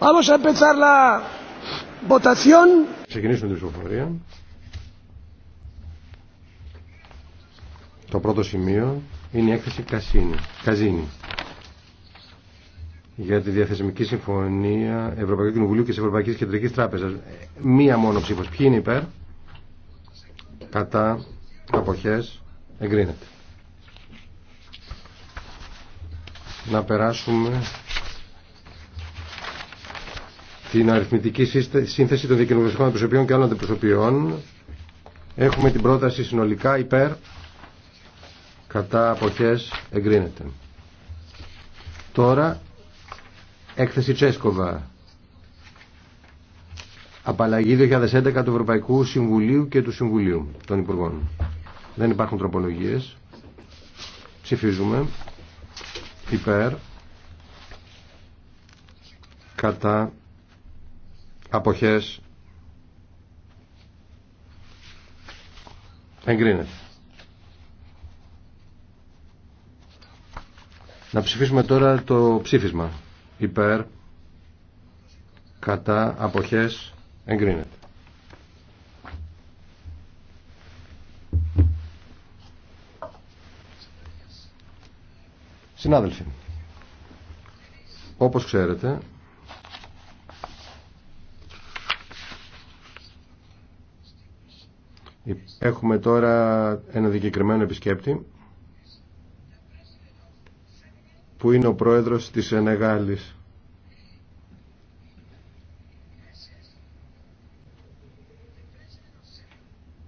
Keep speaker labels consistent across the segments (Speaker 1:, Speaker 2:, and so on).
Speaker 1: Vamos a Ξεκινήσουμε την ψηφοφορία. Το πρώτο σημείο είναι η έκθεση Καζίνη για τη διαθεσμική συμφωνία Ευρωπαϊκού Κοινοβουλίου και τη Ευρωπαϊκής Κεντρικής Τράπεζας. Μία μόνο ψήφος. Ποιοι είναι υπέρ, κατά, αποχέ εγκρίνεται. Να περάσουμε την αριθμητική σύνθεση των δικαιολογικών αντιπροσωπείων και άλλων αντιπροσωπείων. Έχουμε την πρόταση συνολικά υπέρ, κατά αποχές εγκρίνεται. Τώρα, έκθεση Τσέσκοβα. Απαλλαγή 2011 του Ευρωπαϊκού Συμβουλίου και του Συμβουλίου των Υπουργών. Δεν υπάρχουν τροπολογίες. Ψηφίζουμε. Υπέρ. Κατά Αποχές. Εγκρίνεται. Να ψηφίσουμε τώρα το ψήφισμα. Υπέρ. Κατά. Αποχές. Εγκρίνεται. Συνάδελφοι, όπως ξέρετε, Έχουμε τώρα ένα δικαιωμένο επισκέπτη που είναι ο πρόεδρος της Ενεγάλης.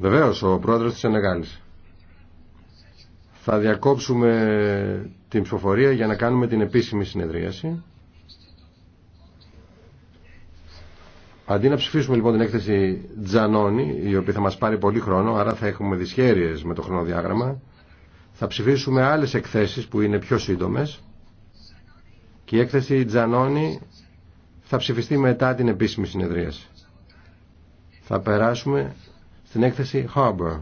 Speaker 1: Βεβαίως, ο πρόεδρος της Ενεγάλης. Θα διακόψουμε την ψηφοφορία για να κάνουμε την επίσημη συνεδρίαση. Αντί να ψηφίσουμε λοιπόν την έκθεση Τζανόνι, η οποία θα μας πάρει πολύ χρόνο, άρα θα έχουμε δυσχέρειε με το χρονοδιάγραμμα, θα ψηφίσουμε άλλες εκθέσει που είναι πιο σύντομες και η έκθεση Τζανόνι θα ψηφιστεί μετά την επίσημη συνεδρίαση. Θα περάσουμε στην έκθεση Harbour.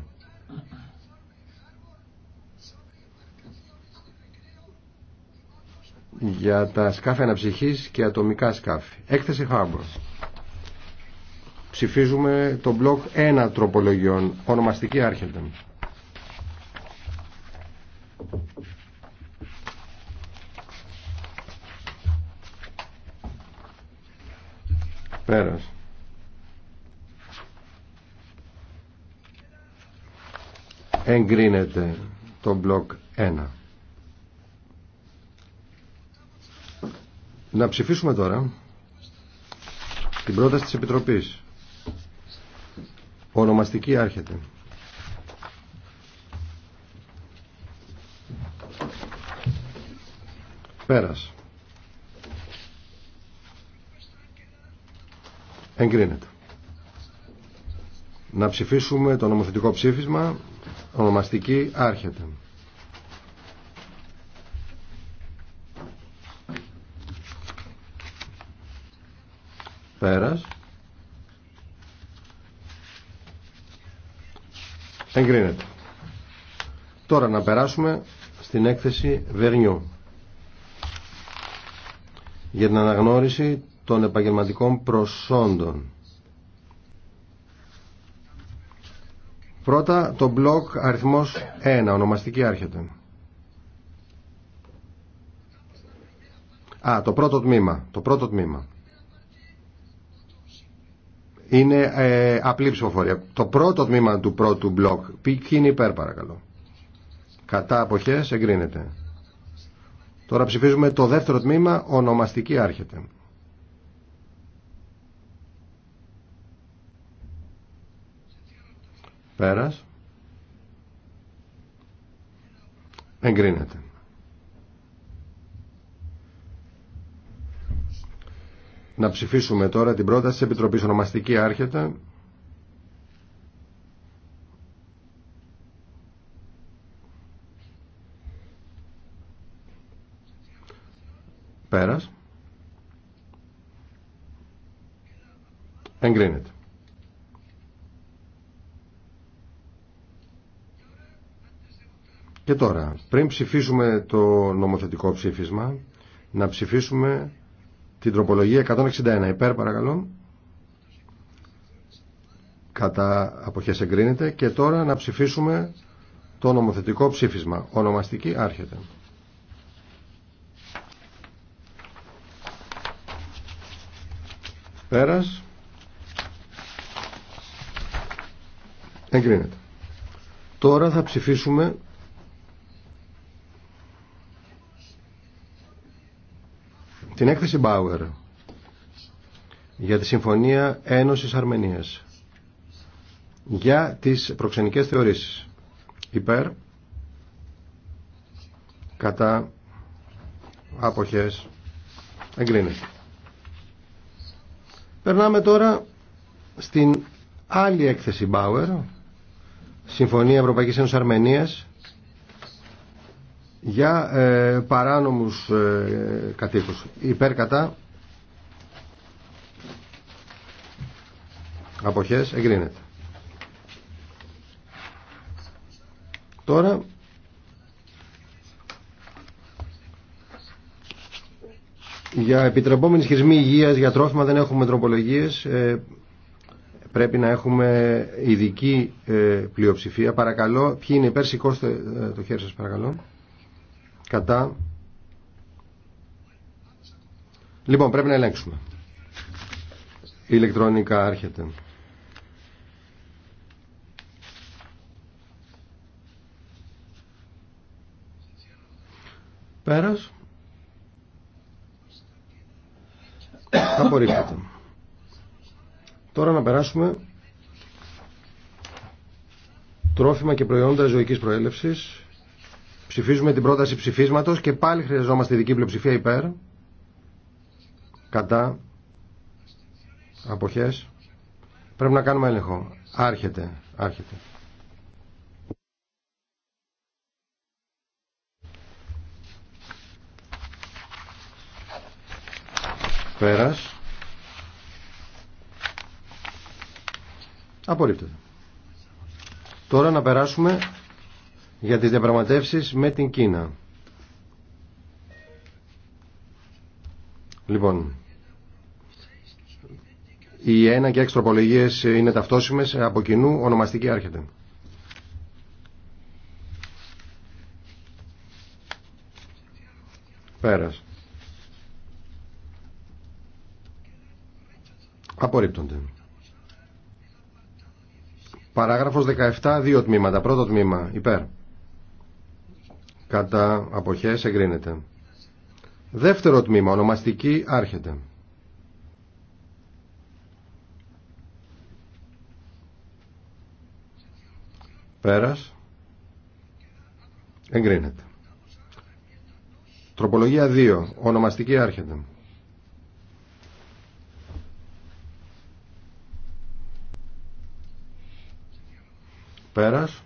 Speaker 1: για τα σκάφη αναψυχής και ατομικά σκάφη. Έκθεση Harbour. Ψηφίζουμε το μπλοκ 1 τροπολογιών. Ονομαστική άρχεται. Πέρας. Εγκρίνεται το μπλοκ 1. Να ψηφίσουμε τώρα την πρόταση της Επιτροπής. Ονομαστική άρχεται. Πέρας. Εγκρίνεται. Να ψηφίσουμε το νομοθετικό ψήφισμα. Ονομαστική άρχεται. Πέρας. Εγκρίνεται. Τώρα να περάσουμε στην έκθεση Βερνιού για την αναγνώριση των επαγγελματικών προσόντων. Πρώτα το μπλοκ αριθμός 1, ονομαστική άρχεται. Α, το πρώτο τμήμα, το πρώτο τμήμα. Είναι ε, απλή ψηφοφορία. Το πρώτο τμήμα του πρώτου μπλοκ. Ποιοι είναι υπέρ παρακαλώ. Κατά αποχές εγκρίνεται. Τώρα ψηφίζουμε το δεύτερο τμήμα. Ονομαστική άρχεται. Πέρας. Εγκρίνεται. να ψηφίσουμε τώρα την πρόταση της Επιτροπής Ονομαστική Άρχεται. Πέρας. Εγκρίνεται. Και τώρα, πριν ψηφίσουμε το νομοθετικό ψήφισμα, να ψηφίσουμε την τροπολογία 161 υπέρ παρακαλώ κατά αποχές εγκρίνεται και τώρα να ψηφίσουμε το νομοθετικό ψήφισμα ονομαστική άρχεται πέρας εγκρίνεται τώρα θα ψηφίσουμε την έκθεση Bauer για τη Συμφωνία Ένωσης Αρμενίας για τις προξενικές θεωρήσεις υπέρ κατά αποχές εγκρίνεται. Περνάμε τώρα στην άλλη έκθεση Bauer Συμφωνία Ευρωπαϊκής Ένωσης Αρμενίας για ε, παράνομους ε, κατοίκους. Υπέρ κατά αποχές εγκρίνεται. Τώρα για επιτρεπόμενη χειρισμοί υγείας για τρόφιμα δεν έχουμε τροπολογίες ε, πρέπει να έχουμε ειδική ε, πλειοψηφία. Παρακαλώ, ποιοι είναι υπέρ, σηκώστε ε, το χέρι σας παρακαλώ. Κατά. Λοιπόν, πρέπει να ελέγξουμε. Ηλεκτρονικά έρχεται. Πέρας. Απορρίπτεται. Τώρα να περάσουμε τρόφιμα και προϊόντα ζωικής προέλευσης Ψηφίζουμε την πρόταση ψηφίσματος και πάλι χρειαζόμαστε ειδική πλειοψηφία υπέρ. Κατά. Αποχές. Πρέπει να κάνουμε έλεγχο. Άρχεται. Άρχεται. Πέρας. Απορρίπτεται. Τώρα να περάσουμε για τις διαπραγματεύσεις με την Κίνα. Λοιπόν, οι ένα και έξι είναι ταυτόσιμες, από κοινού ονομαστική άρχεται. Πέρας. Απορρίπτονται. Παράγραφος 17, δύο τμήματα. Πρώτο τμήμα, υπέρ κατά αποχές εγκρίνεται. Δεύτερο τμήμα, ονομαστική άρχεται. Πέρας. Εγκρίνεται. Τροπολογία 2. Ονομαστική άρχεται. Πέρας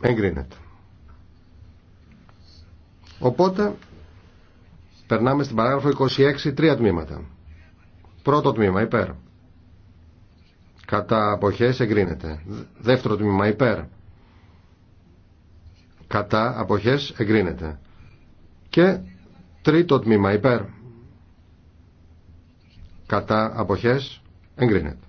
Speaker 1: εγκρίνεται. Οπότε περνάμε στην παράγραφο 26 τρία τμήματα. Πρώτο τμήμα υπέρ. Κατά αποχές εγκρίνεται. Δεύτερο τμήμα υπέρ. Κατά αποχές εγκρίνεται. Και τρίτο τμήμα υπέρ. Κατά αποχές εγκρίνεται.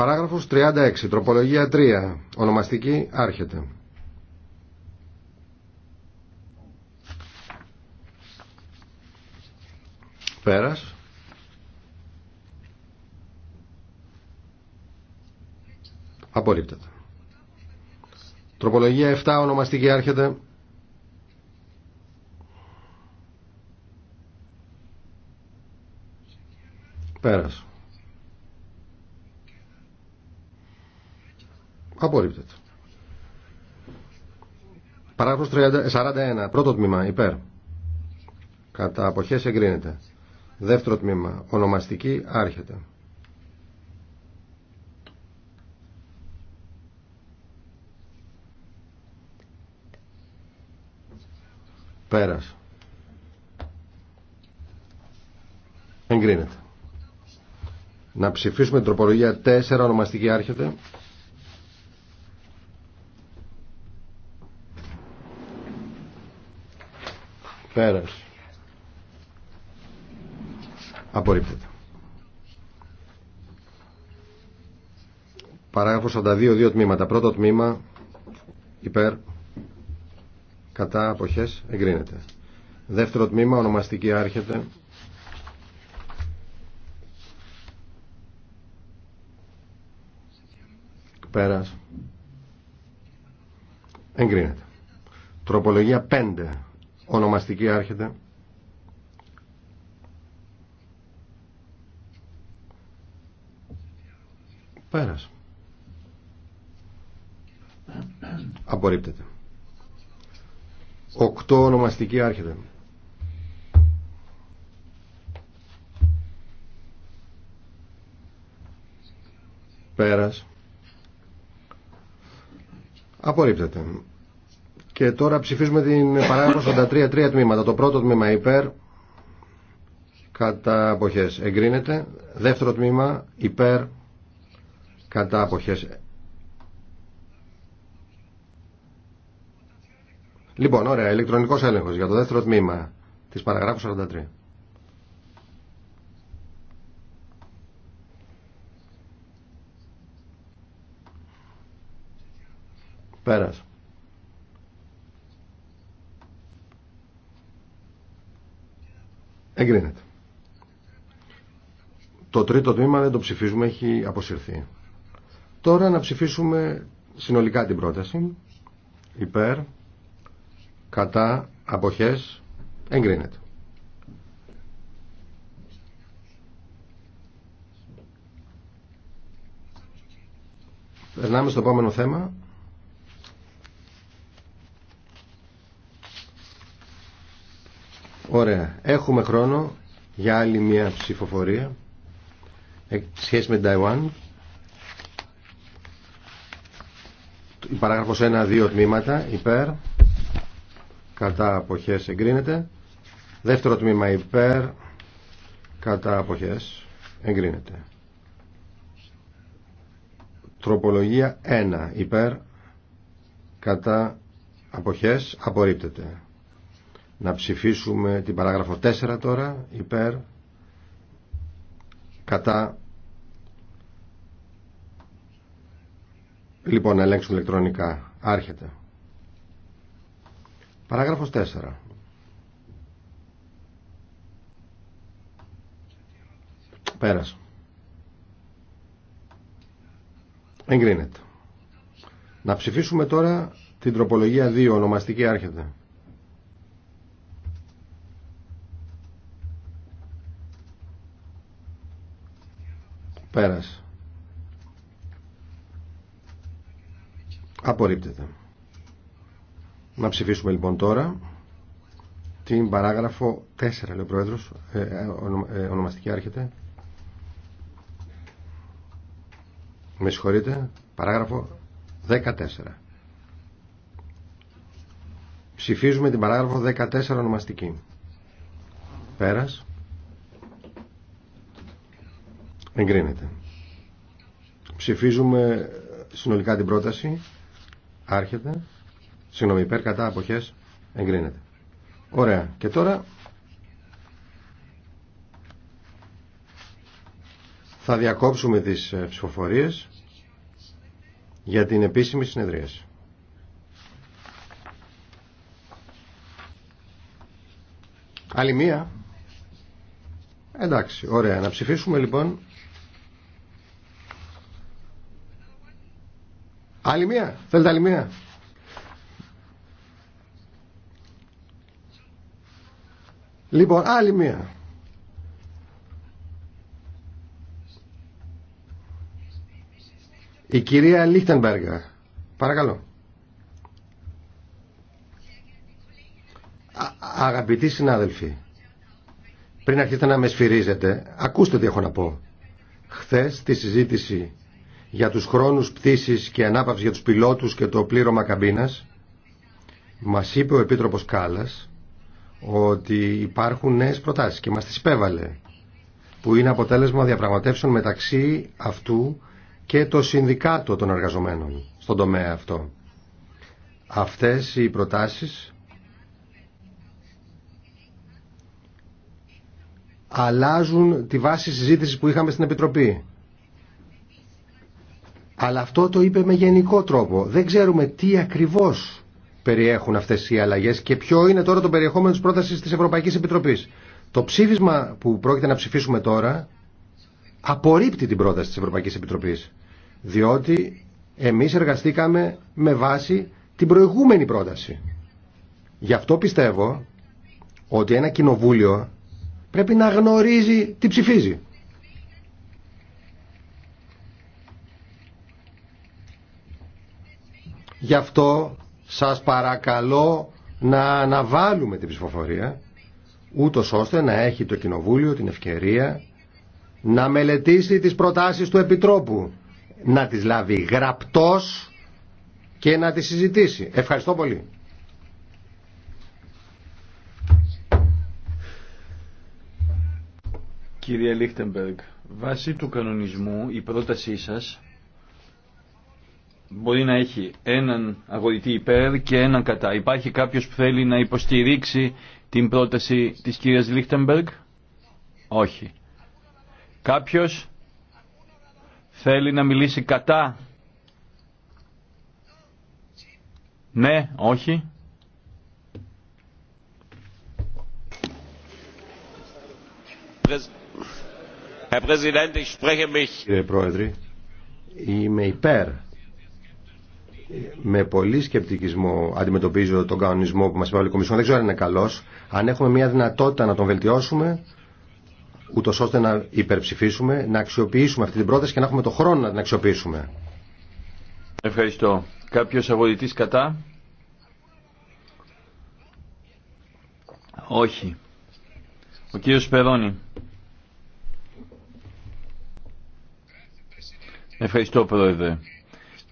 Speaker 1: Παράγραφος 36, τροπολογία 3, ονομαστική άρχεται. Πέρας. Απορρίπτεται. Τροπολογία 7, ονομαστική άρχεται. Πέρας. Απορρίπτεται. Παράγραφος 41. Πρώτο τμήμα. Υπέρ. Κατά αποχές εγκρίνεται. Δεύτερο τμήμα. Ονομαστική. Άρχεται. Πέρας. Εγκρίνεται. Να ψηφίσουμε την τροπολογία 4. Ονομαστική. Άρχεται. Πέρας. Απορρίπτεται. Παράγραφος 42, δύο τμήματα. Πρώτο τμήμα, υπέρ, κατά, αποχές, εγκρίνεται. Δεύτερο τμήμα, ονομαστική άρχεται. Πέρας. Εγκρίνεται. Τροπολογία 5. Ονομαστική άρχεται. Πέρας. Απορρίπτεται. Οκτώ ονομαστική άρχεται. Πέρας. Απορρίπτεται. Και τώρα ψηφίζουμε την παράγραφο 43, τρία τμήματα. Το πρώτο τμήμα υπέρ, κατά αποχές εγκρίνεται. Δεύτερο τμήμα υπέρ, κατά αποχές Λοιπόν, ωραία, ηλεκτρονικός έλεγχος για το δεύτερο τμήμα της παραγράφου 43. Πέρασε. Εγκρίνεται. Το τρίτο τμήμα δεν το ψηφίζουμε, έχει αποσυρθεί. Τώρα να ψηφίσουμε συνολικά την πρόταση. Υπέρ, κατά, αποχές, εγκρίνεται. Περνάμε στο επόμενο θέμα. Ωραία. Έχουμε χρόνο για άλλη μια ψηφοφορία ε, σχέση με την Ταϊουάν. Η παράγραφος 1-2 τμήματα υπέρ κατά αποχές εγκρίνεται. Δεύτερο τμήμα υπέρ κατά αποχές εγκρίνεται. Τροπολογία 1 υπέρ κατά αποχές απορρίπτεται να ψηφίσουμε την παράγραφο 4 τώρα υπέρ κατά λοιπόν να ελέγξουμε ηλεκτρονικά άρχεται παράγραφος 4 πέρασε εγκρίνεται να ψηφίσουμε τώρα την τροπολογία 2 ονομαστική άρχεται Πέρας. Απορρίπτεται. Να ψηφίσουμε λοιπόν τώρα την παράγραφο 4, λέει ο Πρόεδρος, ε, ε, ε, ονομαστική άρχεται. Με συγχωρείτε, παράγραφο 14. Ψηφίζουμε την παράγραφο 14 ονομαστική. Πέρας. Εγκρίνεται. Ψηφίζουμε συνολικά την πρόταση. Άρχεται. Συγγνώμη, υπέρ, κατά, αποχές. Εγκρίνεται. Ωραία. Και τώρα θα διακόψουμε τις ε, ψηφοφορίες για την επίσημη συνεδρίαση. Άλλη μία. Εντάξει, ωραία. Να ψηφίσουμε λοιπόν Άλλη μία. Θέλετε άλλη μία. Λοιπόν, άλλη μία. Η κυρία Λίχτενμπεργα. Παρακαλώ. Α, αγαπητοί συνάδελφοι, πριν αρχίσετε να με σφυρίζετε, ακούστε τι έχω να πω. Χθες τη συζήτηση για τους χρόνους πτήσης και ανάπαυσης για τους πιλότους και το πλήρωμα καμπίνας μας είπε ο Επίτροπος Κάλλας ότι υπάρχουν νέες προτάσεις και μας τις υπέβαλε που είναι αποτέλεσμα διαπραγματεύσεων μεταξύ αυτού και το Συνδικάτο των Εργαζομένων στον τομέα αυτό. Αυτές οι προτάσεις αλλάζουν τη βάση συζήτησης που είχαμε στην Επιτροπή αλλά αυτό το είπε με γενικό τρόπο. Δεν ξέρουμε τι ακριβώς περιέχουν αυτές οι αλλαγές και ποιο είναι τώρα το περιεχόμενο της πρότασης της Ευρωπαϊκής Επιτροπής. Το ψήφισμα που πρόκειται να ψηφίσουμε τώρα απορρίπτει την πρόταση της Ευρωπαϊκής Επιτροπής. Διότι εμείς εργαστήκαμε με βάση την προηγούμενη πρόταση. Γι' αυτό πιστεύω ότι ένα κοινοβούλιο πρέπει να γνωρίζει τι ψηφίζει. Γι' αυτό σας παρακαλώ να αναβάλουμε την ψηφοφορία ούτω ώστε να έχει το Κοινοβούλιο την ευκαιρία να μελετήσει τις προτάσεις του Επιτρόπου να τις λάβει γραπτός και να τις συζητήσει. Ευχαριστώ πολύ.
Speaker 2: Κύριε Λίχτεμπεργκ, βάσει του κανονισμού η πρότασή σας μπορεί να έχει έναν αγωγητή υπέρ και έναν κατά. Υπάρχει κάποιος που θέλει να υποστηρίξει την πρόταση της κυρίας Λίχτεμπεργκ. Όχι. Κάποιος θέλει να μιλήσει κατά. Ναι, όχι. Κύριε
Speaker 1: Πρόεδρε, είμαι υπέρ με πολύ σκεπτικισμό αντιμετωπίζω τον κανονισμό που μα είπε η Κομισιόν. Δεν ξέρω αν είναι καλό. Αν έχουμε μια δυνατότητα να τον βελτιώσουμε, ούτω ώστε να υπερψηφίσουμε, να αξιοποιήσουμε αυτή την πρόταση και να έχουμε το χρόνο να την αξιοποιήσουμε.
Speaker 2: Ευχαριστώ. Κάποιο αγωγητή κατά. Όχι. Ο κύριος Σπερώνη. Ευχαριστώ, Πρόεδρε.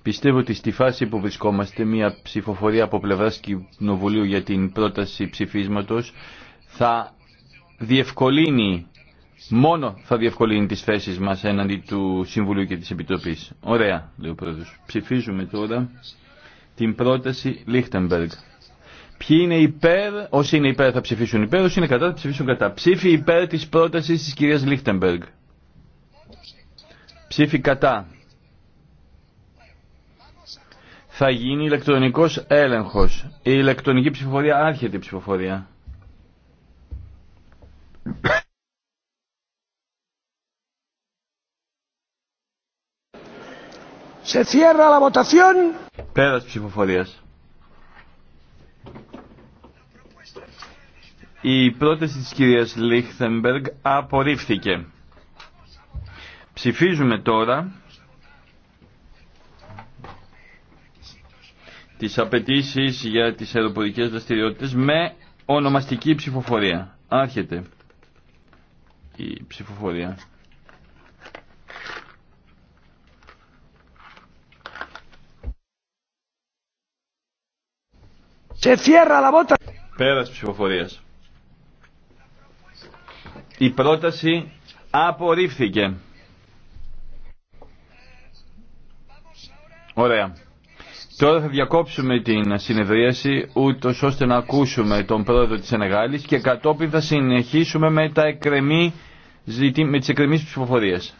Speaker 2: Πιστεύω ότι στη φάση που βρισκόμαστε μια ψηφοφορία από πλευράς Κοινοβουλίου για την πρόταση ψηφίσματο θα διευκολύνει, μόνο θα διευκολύνει τι θέσει μα έναντι του Συμβουλίου και τη Επιτροπή. Ωραία, λέει ο Πρόεδρο. Ψηφίζουμε τώρα την πρόταση Λίχτεμπεργκ. Ποιοι είναι υπέρ, όσοι είναι υπέρ θα ψηφίσουν υπέρ, όσοι είναι κατά θα ψηφίσουν κατά. Ψήφι υπέρ της πρότασης της κυρίας Λίχτεμπεργκ. Ψήφι κατά θα γίνει ηλεκτρονικός έλεγχος. Η ηλεκτρονική ψηφοφορία άρχεται η ψηφοφορία.
Speaker 1: Σε cierra la votación.
Speaker 2: Πέρας ψηφοφορίας. Η πρόταση της κυρίας Λίχθενμπεργκ απορρίφθηκε. Ψηφίζουμε τώρα τις απαιτήσει για τις αεροπορικές δραστηριότητες με ονομαστική ψηφοφορία. Άρχεται η ψηφοφορία. Σε Πέρας ψηφοφορίας. Η πρόταση απορρίφθηκε. Ωραία. Τώρα θα διακόψουμε την συνεδρίαση ούτω ώστε να ακούσουμε τον πρόεδρο της Ενεγάλης και κατόπιν θα συνεχίσουμε με, τα εκκρεμή, με τις